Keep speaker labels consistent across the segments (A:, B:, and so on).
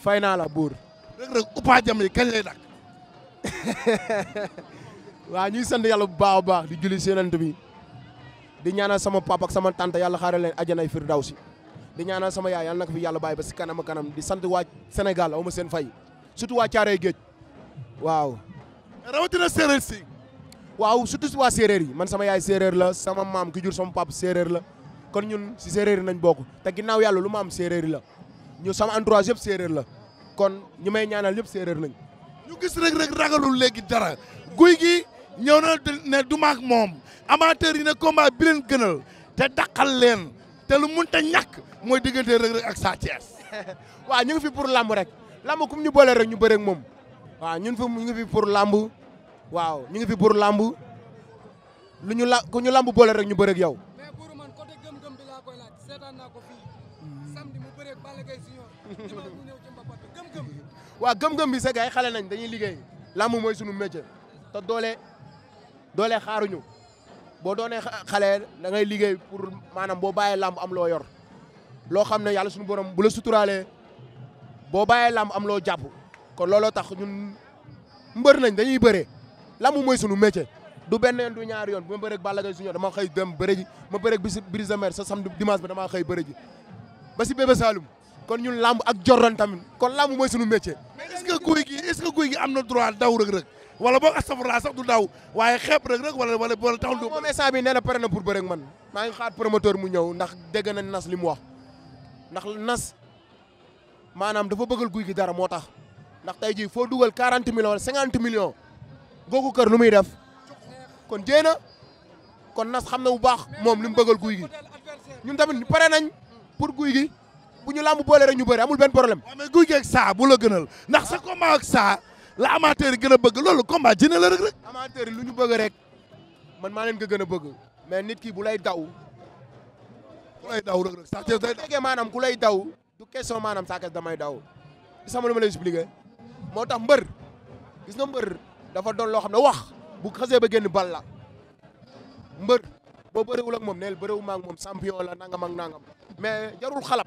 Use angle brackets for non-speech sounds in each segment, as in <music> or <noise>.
A: fay naa la buur. rek rek Upa Jam yi kañ lay dakk <laughs> waaw ñuy sant yàlla bu baax a baax di julli seenant bi di ñaanal sama papa ak sama tante yàlla xaaral leen àjjanay si di ñaanal sama yaay yàlla na ko fi yàlla baay ba si kanam kanam di sant waaj Sénégal aw ma seen fay surtout waa Caaroy Géej waaw. rawatina séeréer si. waaw surtout waa séeréer yi man sama yaay séeréer la sama maam ki jur sama papa séeréer la kon ñun si séeréer yi nañ bokk te ginnaaw yàlla lu ma am séeréer la. ñu sama entourage yëpp séeréer la kon ñu may ñaanal yëpp séeréer nañ ñu gis rek rek ragalul léegi dara guy gi ñëw na ne du maak moom amateur yi ne combat bi leen te daqal leen te lu mun ta ñàkk mooy diggante rek rek ak Sa waa <laughs> waaw ñu fi pour làmb rek làmb kum ñu boole rek ñu bëre moom waa ñun fi ñu ngi fi pour làmb waaw ñu ngi fi pour làmb lu ñu la ku ñu làmb boole rek ñu bëre ak yow waaw gëm-gëm bi se gars xale nañ dañuy liggéey làmb mooy sunu métier te doole doole xaaruñu boo doonee xale da ngay liggéey pour maanaam boo bàyyee làmb am loo yor loo xam ne yàlla suñu borom bula la boo bàyyee lam am loo jàpp kon looloo tax ñun mbër nañ dañuy lam làmb mooy sunu métier du benn yoon du ñaari yoon bu ma bëree ak Balla Gaye junior dama xëy dem bëre ji ma bëree ak Brise sa sam dimanche bi damaa xëy bëre ji ba si kon ñun làmb ak jorron tamit kon làmb mooy suñu métier. mais est ce que guy gi est ce que guy gi am na droit daw Reug Reug wala boog astafurlaa sax du daw waaye xeeb Reug Reug wala wala wala taxul. moom instant bii nee na pare na pour bëre ak man maa ngi xaar promoteur mu ñëw ndax dégg na nas li mu wax ndax nas maanaam dafa bëggal guy gi dara moo tax ndax tey jii foo dugal 40 millions wala 50 millions googu kër lu muy def kon jéem na kon nas xam na bu baax moom li mu bëggal guy gi ñun tamit pare nañ pour guy gi. bu ñu làmb boole rek ñu bëri amul benn problème. waaw guy geeg saa bu la gënal ndax sa combat ak saa la amateur yi gën a bëgg loolu combat jëne la rek rek. amateur yi lu ñu bëgg rek man maa leen ko gën a bëgg mais nit ki bu lay daw. ku lay daw rek rek saa day daw fekkee maanaam ku lay daw du question maanaam saa kees damay daw sama lu ma lay moo tax mbër gis nga mbër dafa doon loo xam ne wax bu xasee ba génn bal la mbër boo bëriwul ak moom neel bëriwuma ak moom champion la nangam ak nangam mais jarul xalab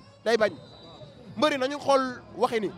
A: day bañ mbëri nañu xool waxi ni